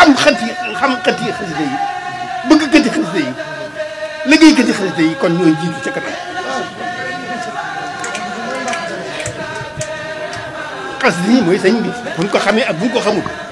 xam xati xam xati xasida yi bëgg gëti xasida yi liggéey gëti xasida yi kon ñooy jiitu ca kanam xasida yi mooy sëñ bi buñ ko xamee ak buñ ko xamul